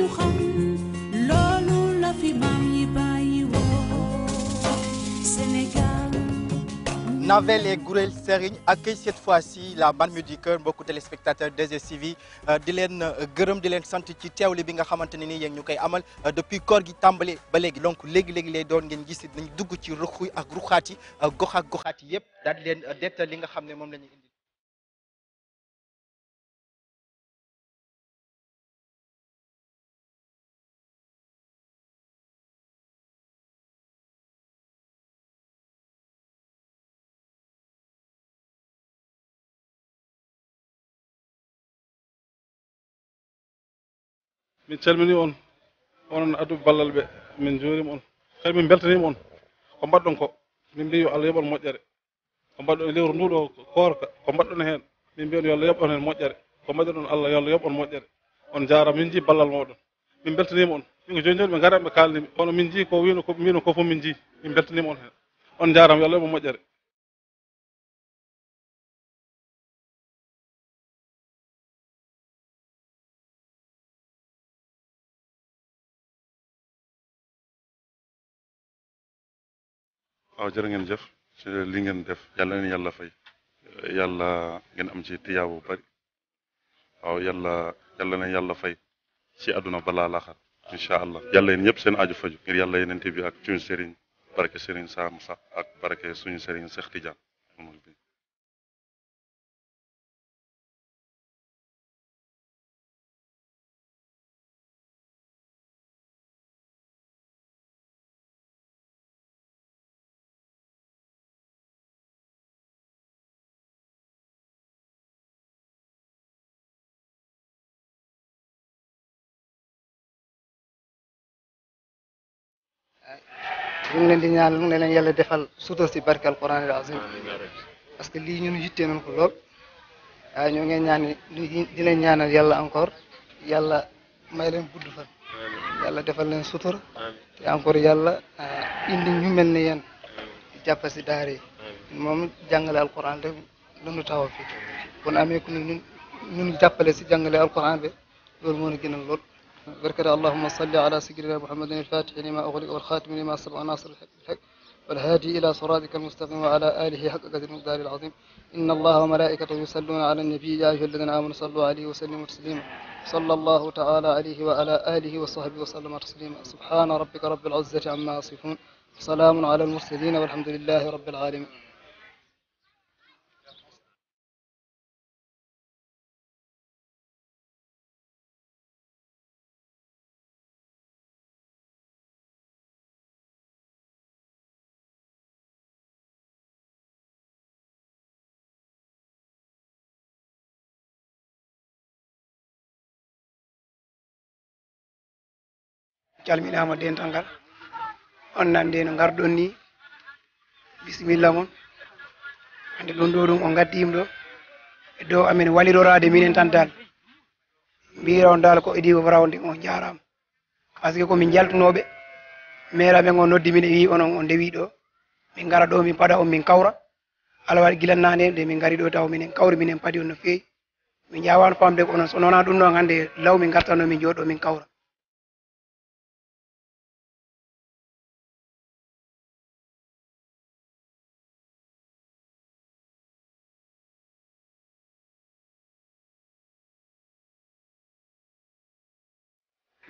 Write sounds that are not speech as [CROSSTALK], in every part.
ñu xam loolu la fi maam yi bàyyi woo Sénégal. Navel et Gourel Serigne accueille cette fois-ci la Banlieue du Cœur mbokku téléspectateurs 2STV euh, di leen euh, gërëm di leen sant ci teewle bi nga xamante ne ni yéen ñu koy amal euh, depuis koor gi tàmbali ba léegi donc léegi-léegi lay doon ngeen gis nañ dugg ci ruxuy ak ruxaat yi gox ak goxaat yi yëpp leen detta li nga xam ne moom la min calmini on onon adduɓe ballal ɓe min juurima on kadi min beltanima on ko mbaɗɗon ko min mbi yo allah yoɓon moƴƴere ko mbaɗɗon e lewru nduɗo koorka ko mbaɗɗon e heen min mbiyon yo allah yoɓ on heen moƴƴere ko mbaɗɗon on allah yo allah moƴƴere on jaara min jii ballal moɗon min beltanima on min ko joni ɓe garat ɓe kalnimi kono min jii ko wino ko min jii min beltanima on heen on jaarama yo yoɓon moƴƴere waaw jërë ngeen jëf ci li ngeen def yàlla na yàlla fay yàlla ngeen am ci tiyaabu bari waaw yàlla yàlla na yàlla fay ci àdduna balaa laaxar incha allah yàlla yéen ñëpp seen aju faju ngir yàlla yenente bi ak suñu sëriñ barke sëriñ Sam sax ak barke suñu sëriñ Seex Tijaan ñu ne leen di ñaan lu ne leen yàlla defal sutur si barke alquran al azim parce que lii ñun yittee nañ ko lool waaye ñoo ngeen ñaan di leen ñaanal yàlla encore yàlla may leen gudd fan yàlla defal leen sutur te encore yàlla ah, indi ñu mel ni yéen jàpp si daara yi moom jàngale alquran rek lunu taxaw fi kon amee ku ñu ñun jàppale si jàngale alquran bi loolu moo ñu gënal lool بركة اللهم صل على سيدنا محمد الفاتح لما أغلق والخاتم لما سبق ناصر الحق بالحق والهادي إلى صراطك المستقيم وعلى آله حق قدر المقدار العظيم إن الله وملائكته يصلون على النبي يا أيها الذين آمنوا صلوا عليه وسلموا تسليما صلى الله تعالى عليه وعلى آله وصحبه وسلم تسليما سبحان ربك رب العزة عما يصفون سلام على المرسلين والحمد لله رب العالمين calminama dental ngal on nande no garɗon ni bisimilla moon hande ɗum ɗo ɗum o gaddima ɗo e dow amen walirorade minen tan dal mbiraw dal ko idigo e rawde on jarama par ce que komin jaltunoɓe maire amen o noddi min e wi onon on ndewi ɗo min gara ɗo min paɗa on min kawra ala waɗi gilannade nde min gari ɗo taw minen kawri minen paadi on no feewi min jawano famde ko onon so nona ɗum ɗon hande law min gartanno min jooɗo min kawra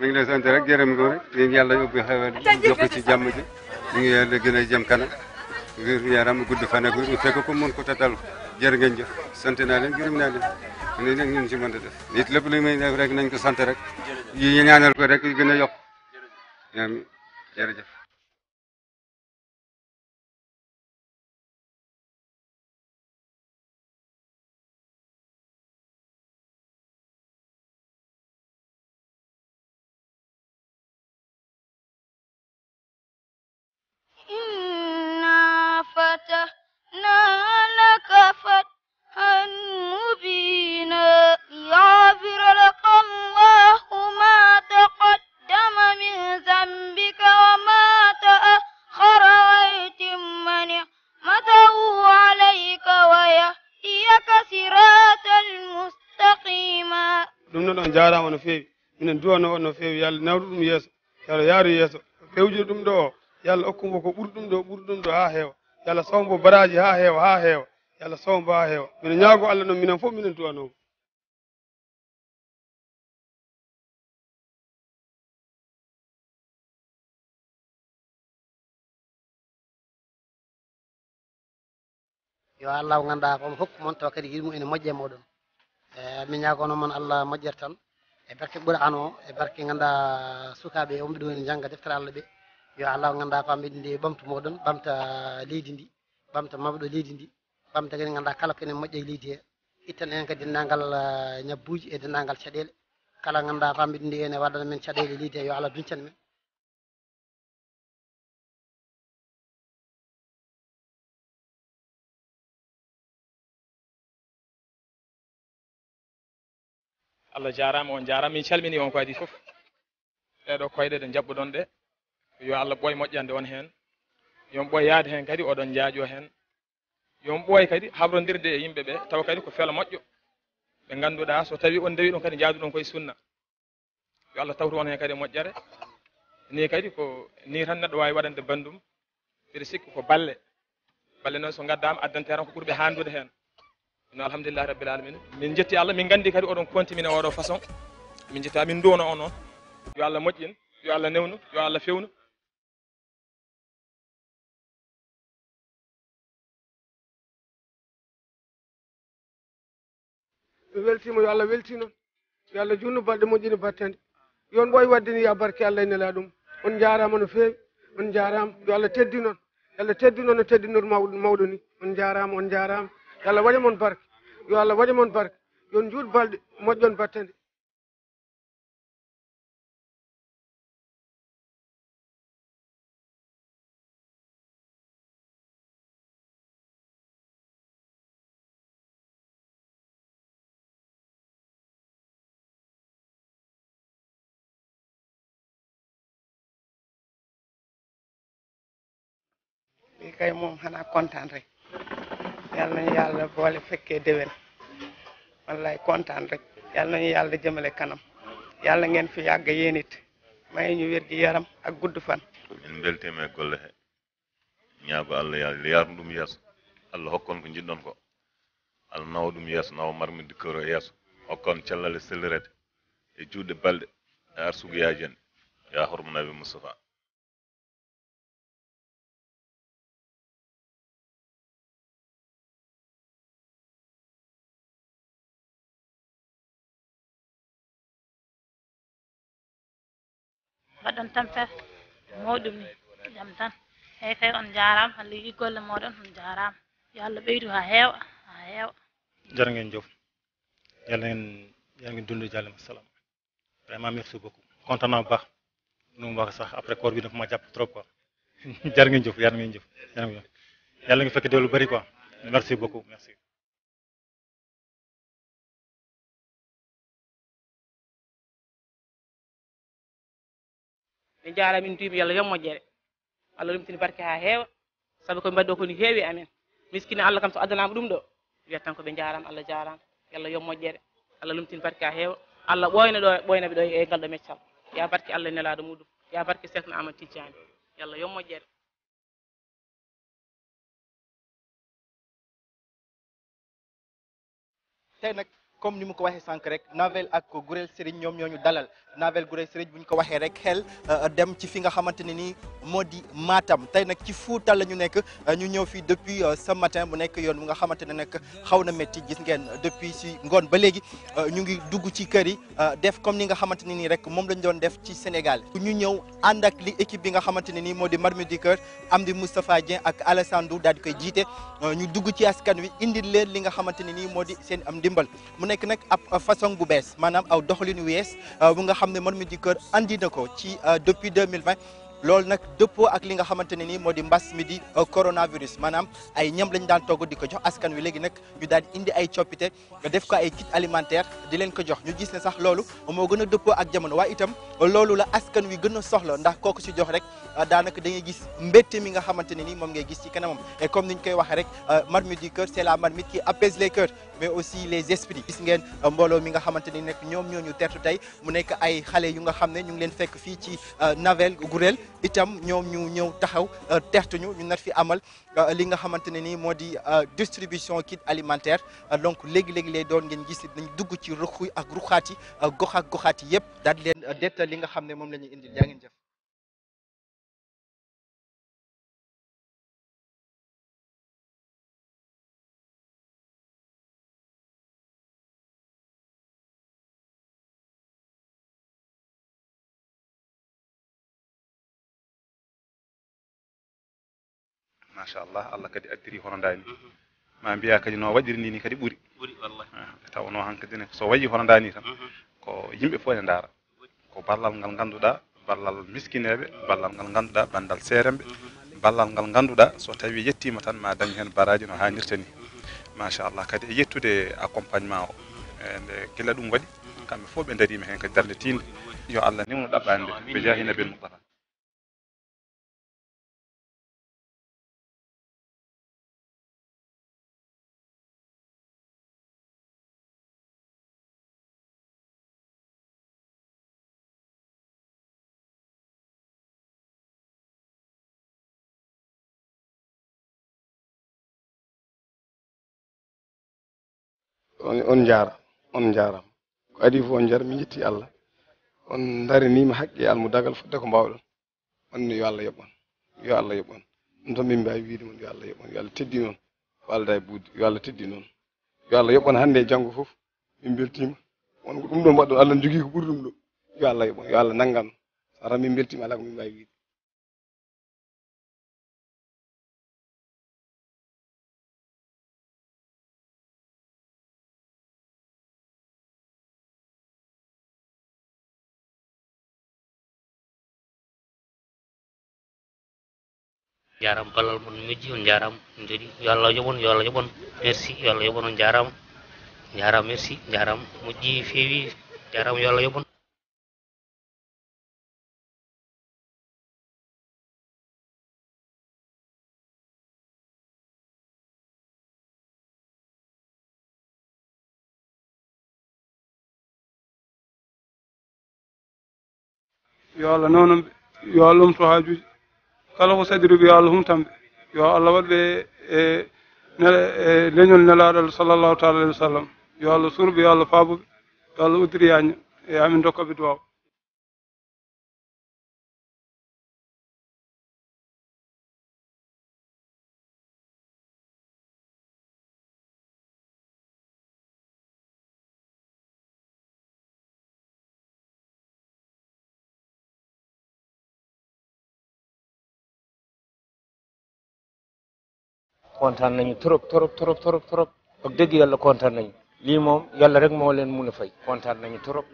mi ngi lay sant rek jërëm ko rek yéen yàlla ubbi xewal jox ko ci jàmm ji ñu ngi yàlla gën a jëm kana ngir yaram gudd fan ak fekk ko mun ko tatal jërë ngeen jëf sant naa leen gërëm naa leen ne nag ñun si mën a def nit lépp lu muy def rek nañ ko sant rek yi ñaanal ko rek gën a yokk ñoom jërëjëf ɗum noon on jarama no fewi minen duwano on no fewi yo allah nawru ɗum yeeso yo allah yaaru yeeso pewjuɗo ɗum ɗo o yo allah hokkumbo ko ɓuuri ɗum ɗo ɓuuri ɗum ɗo ha heewa yo allah baraji ha heewa ha heewa yo ñaago allah noon minen fof minen duwanongo yo allah o ganduɗa komo hokku moon tawa moƴƴe moɗon e, e min ñagono moon allah moƴƴere tan e barke ɓuura an o e barke ganduɗa sukaɓe omɓe ɗo ene jangga deftere allah ɓe yo allah ganduɗa ko ɓamɓe e ɓamtu moɗon ɓamta leydi ndi ɓamta mawɗo leydi ndi ɓamta kala kene moƴƴa e eh, e dendagal waɗana men caɗele e leydi he yo allah duñcan men allah min calmini on ko adi foof ɗeɗo koyɗe ɗe jabɓuɗon ɗe yo allah ɓooy moƴƴande on heen yon ɓooy yahde heen kadi oɗon jaajo heen yon ɓooy kadi habrodirde e yimɓe ɓe tawa kadi ko fela moƴƴo ɓe ngannduɗaa so tawi on dewi ɗum kadi jaadu ɗon koye sunna yo allah tawtu on heen kadi e moƴƴere ni kadi ko ni tan neɗɗo waawi waɗande banndum mbiɗa sikki ko balle balle noon so ngaddaama addante tan ko ɓurɓe haandude heen no alhamdulillahi rabbil alamina min jetti allah min nganndi kadi oɗon continue oɗo façon min jetti min duwono on noon yo allah moƴƴin yo allah newnu yo mi weltima yo allah weltinon yo allah junnu balɗe moƴƴini battende yon ɓoye waddini ya barke allah ene laa ɗum on jarama no fewi on jarama yo allah teddi noon allah teddi noon no teddinor mawɗo ni on jarama on jarama yo allah waɗi moon barke yo allah waɗi moon barke yon juut balɗe moƴƴon battende kay moom xanaa kontaan rek yal nañu yàlla boole kontaan rek yal nañu yàlla jëmale kanam yàlla ngeen fi yàgg yéen it may ñu wér yaram ak gudd fan min beltema golle he ñaago allah yaali yaaru ɗum yeeso allah hokkon ko jiɗɗon ko allah nawa ɗum yeeso nawa marmide koro yeeso hokkon cellal e sellirede e juuɗe balɗe e arsuguyaji en ya hormanaɓe moustapha mbaɗɗon tampere mawɗum ni jaam tan eyyi tawi on jarama hande yi golle moɗon on jarama yo allah ɓeydu ha heewa ha heewa jara gen yalla en yalla en dundu jallema salam merci beaucoup contenant ba ɗum waka sax après corps bi dafa ma jàpp trop ko [LAUGHS] jara gen joof yalla gen joof yalla gen fekk dewlu bari quoi merci beaucoup min jarama min mbima yo allah yom moƴƴere allah rumtini barke ha heewa saabi koɓe mbaɗɗo koni heewi amen miskine allah kam so addanama ɗum ɗo wiyat tan koɓe jarama allah jarama yo allah yom moƴƴere allah lumtini barke ha heewa allah ɓoyna ɗo ɓoynaɓe ɗo e ngal ɗo meccal ya barke allah e nelaɗo muɗum ya barke sekno amad tijjani yo allah yom moƴƴere comme ni mu ko waxee sànq rek Navel ak Gurel Serigne ñoom ñoo ñu dalal Navel Gurel Serigne bu ñu ko waxee rek xel euh, dem ci fi nga xamante ne nii moo di Matam tey nag ci Fuuta la ñu nekk euh, ñu ñëw fii depuis euh, ce bu nekk yoon bu nga xamante ne nag xaw na métti gis ngeen depuis si ngoon ba léegi ñu ngi dugg ci kër yi def comme ni nga xamante ne nii rek moom lañ doon def ci Sénégal ñu ñëw ànd ak li équipe bi nga xamante ne nii moo di Marmite du Cœur Amdi Moustapha Dieng ak Alassane Dou daal di koy jiite ñu dugg ci askan wi indil leen li nga xamante ne nii moo di seen am ndimbal nekk nag ab façon bu bees maanaam aw doxalin wu wees euh, bu nga xam ne Mor mi di kër andi na ko ci euh, depuis mille 2020 loolu nag dëppo ak li nga xamante ne nii moo di mbas mi di euh, coronavirus maanaam ay ñam lañ daan togg di ko jox askan wi léegi nag ñu daan indi ay coppite def ko ay kit alimentaire di leen ko jox ñu gis ne sax loolu moo gën a dëppoo ak jamono waaye itam loolu la askan wi gën a soxla ndax kooku si jox rek daanaka da ngay gis mbette mi nga xamante ne nii moom ngay gis ci kanamam et comme ni ñu koy waxee rek marmite du cœur c'est la marmite qui apaise les cœurs mais aussi les esprits gis ngeen euh, mbooloo mi nga xamante ni nekk ñoom ñoo ñu tertu tey mu nekk ay xale yu nga xam ne ñu ngi leen fekk fii ci euh, Navel Gourel itam ñoom ñu ñëw taxaw euh, tertu ñu ñu nar fi amal li nga xamante ne ni moo di distribution kit alimentaire donc léegi-léegi lay doon ngeen gis dañ dugg ci ruxu ak ruxaati gox ak goxaati yëpp daal leen detta li nga xam ne moom la ñuy indil yaa ngeen jëf machallah allah kadi addiri hono ndani ma mbiya kadi no waɗiri ni kadi ɓuuri ɓuuri wallahi ah, tawno so wayi hono ndani tan mhm. ko yimɓe fof ene ndaara ko ballal ngal ngannduɗa ballal miskineɓe ballal ngal ngannduɗa bandal seeremɓe mhm. ballal ngal ngannduɗa so tawi yettima tan ma dañ hen baraji no hannirta ni mhm. machallah kadi e yettude accompagnement o e nde gila ɗum waɗi kamɓe fof ɓe darima hen kadi darde tinde yo allah newno ɗaɓɓande ɓe jaahina ɓel moustaha on on jaara on jaarama ko adi fof on jara min jetti allah on darinima haqqe almudagal fodde ko mbawɗon onne yo allah yo allah yoɓon ɗum tan min mbawi wiide mon yo allah yoɓon yo allah teddi e yo allah yoɓon hannde e fof min beltima wonko ɗum ɗo mbaɗɗon allah ne ko ɓuri ɗum ɗo yo allah yoɓon yo allah nanggan so atan min beltima ala ko min mbawi jaram ballal mon majji on jarama on jooɗi yo allah yoɓon yo allah yoɓon merci yo allah yoɓon on feewi jarama yo allah yoɓon yo allah noon kala ko sadiri yo allah e, e, e, humtanɓe yo allah waɗɓe e leñol nelaɗo allah sallllahu taala yo allah surɓe yo allah faabuɓe yo allah uddiriyaña e amin dokkaɓe duwaw kontaan nañu trop trop trop trop trop wax dëgg yàlla kontaan nañu lii moom yàlla rek moo leen mun a fay kontaan nañu trop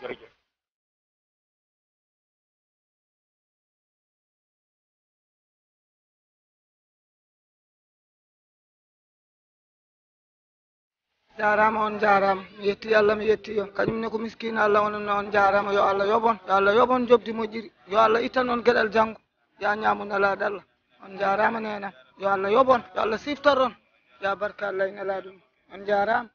jërëjëf jarama on jarama mi yetti allah mi yetti on kañum ne ko miskina allah ononne on jarama yo allah yoɓon yo allah yoɓon jobdi moƴƴiri yo allah ittan on gueɗal janggo ya ñamu nalaɗo allah on jarama nenam yo allah yoɓon yo allah siftoron ya barka allah en ala ɗum on jarama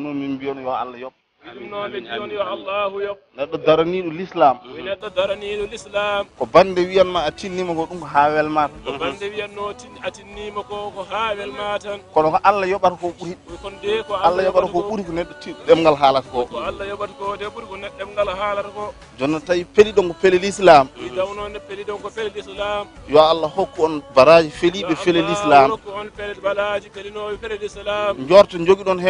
noon min mbiyon yo allah yoɓ ɗumnoɓe diyon yo allahu yo neɗɗo daraniɗo l'islam wi neɗɗo daraniɗo l'islam ko bande wiyanma a a tinnima ko tawi peli l'islam ko peli l'islam yo allah hokku on baraji feliɓe fele l'islam hokku on pele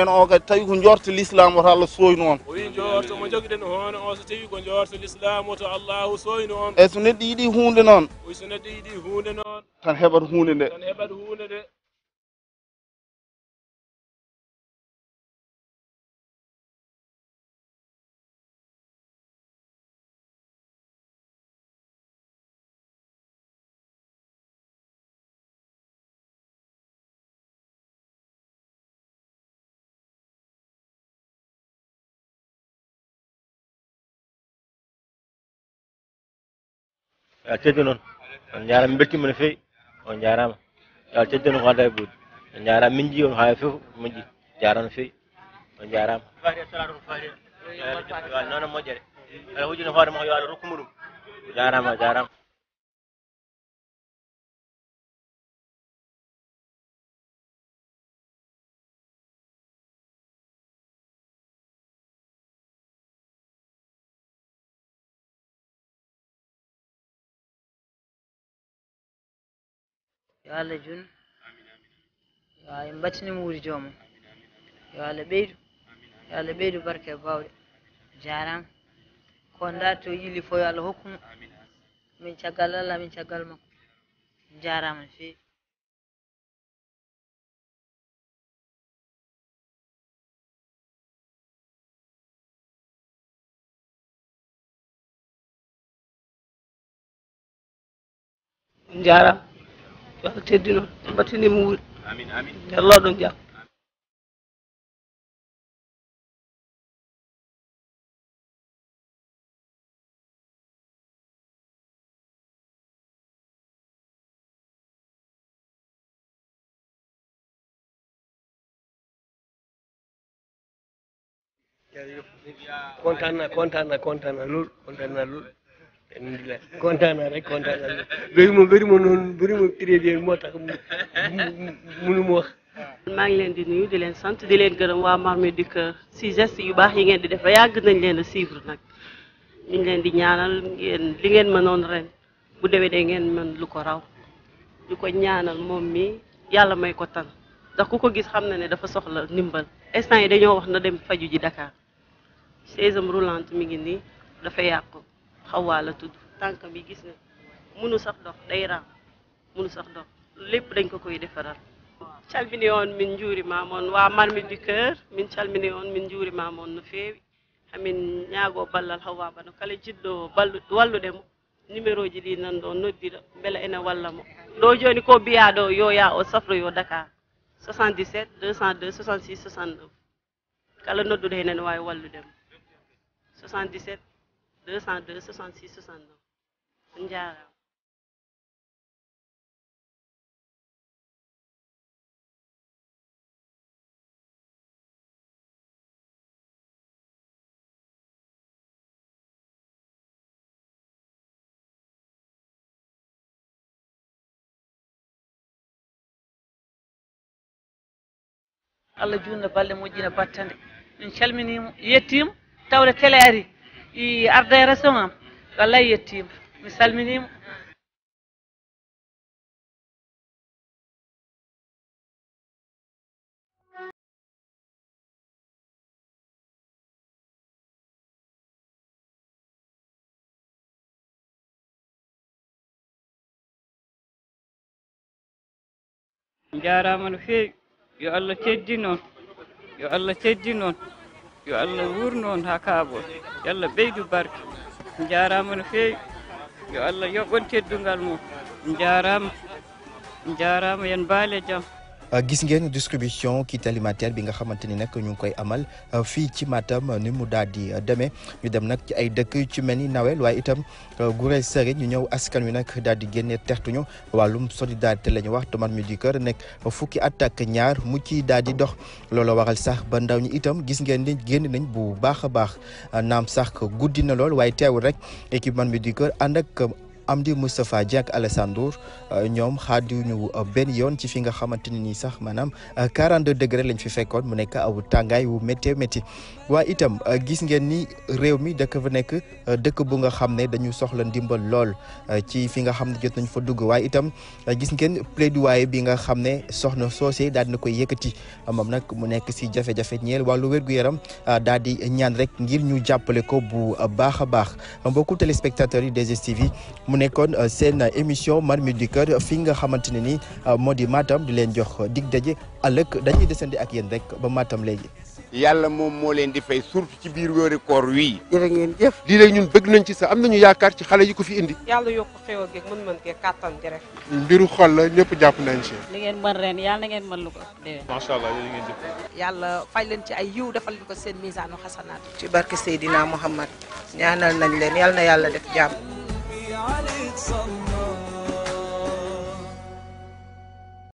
o kadi tawi ko jorto l'islam woto allah soyno on wi jorto mo jogiɗen hono o so tawi ko jorto l'islamu to allahu soyni on eyyi so neɗɗo yiiɗi hunde noon tan heɓat hunde nde ya teddunɗon on jarama min beltima no fewi on jarama yo ko adda e ɓoodi on jarama min jii on haali fof moƴƴi jarama no fewi on jarama fati salatu ko fati noon moƴƴere aɗa wujino hoore ma yo allah yo allah jun yo allah en mbattinimo wuuri joomum yo allah ɓeydu yo allah ɓeydu barka e bawɗe jarama konda to fo yo allah hokkumo min caggal allah min caggal makko jarama no fewi yo teddino mbattinimo wuuri nde allah ɗon jaam kontaan na kontaan na kontaan kontaan na alhamdulilah kontaan naa rek kontaan naa bëri ma bëri ma noonu bëri ma crédit moo tax munu ma wax. maa ngi leen di nuyu di leen sant di leen gërëm waa Marmite du Cœur si geste yu baax yi ngeen di def yàgg nañ leen a suivre nag ñu leen di ñaanal li ngeen mënoon ren bu de ngeen mën lu ko raw ñu ko ñaanal moom mi yàlla may ko tan ndax ku ko gis xam na ne dafa soxla ndimbal instant yi dañoo wax na dem faju ji Dakar chaise roulante mi ngi nii dafa yàqu. xawaa la tudd tànk bi gis na munu sax dox day munu sax dox lépp dañ ko koy defaral calmini on min juurima moon waa marmite du cœur min calmini on min juurima moon no feewi hamin ñaago ballal hawa bano kala jiɗɗo ballu wallude mo numéro ji ɗi nan ɗo noddira beela ene walla mo ɗo joni ko mbiya ɗo yo ya o safroyo dakar 77 202 66 69 kala noddude hen ene wawi wallude mo 77 202 66 69 on jaaraama allah juutno balle moƴƴina battande min calminimo yettima tawde télé ari i arda e ration am wallay yettima mi salminima yo allah teddi yo allah teddi yo allah wurnu on ha kaaɓon yo allah ɓeydu barke no fewi yo allah yoɓon teddungal mum jarama jarama yen baale jaam Euh, gis ngeen distribution kit alimentaire bi nga xamante ni nag ñu ngi koy amal euh, fii ci Matam euh, ni mu daal di demee ñu dem nag ci ay dëkk ci mel ni Nawel waaye itam Gurel Sere ñu ñëw askan wi nag daal di génne tertuñu wàllum solidarité la ñu wax Tomate mi du cœur nekk fukki at ak ñaar mu ci daal di dox loolu waxal sax ba ndaw ñi itam gis ngeen ni génn nañ bu baax a baax naam sax guddi na lool waaye teewul rek équipement mi du ànd ak Amdy Moustapha Dieng ak Alassane Ndour euh, ñoom xaadiwuñu euh, benn yoon ci fi nga xamante ne nii sax maanaam 42 euh, degré lañ fi fekkoon mu nekk aw tàngaay wu méttee métti waaye itam gis ngeen ni réew mi dëkk fa nekk dëkk bu nga xam ne dañu soxla ndimbal lool ci fi nga xam ne jot nañ fa dugg waaye itam gis ngeen plaidoyer bi nga xam ne soxna soosé daal dina koy yëkkati moom nag mu nekk si jafe-jafe ñeel wàllu wér yaram daal di ñaan rek ngir ñu jàppale ko bu baax a baax mbokku téléspectateurs yi 2STV yi mu nekkoon euh, seen émission Marmite du Cœur fi nga xamante ne ni euh, moo di Matam di leen jox dig daje ëllëg dañuy desandi ak yéen rek ba Matam léegi. yàlla moom moo leen di fay surtout ci biir wéeru koor wii. jërë ngeen jëf. lii rek ñun bëgg nañ ci sax am nañu yaakaar ci xale yi fi indi. yàlla yokk xéwal geeg mën-mën geeg kàttan gi rek. mbiru xol la ñëpp jàpp nañ ci. li ngeen mën ren yàlla na ngeen mën lu ko déwén. macha allah yéen ngeen Seydina Muhammad ñaanal nañ leen yàlla def jàmm. علي تصلى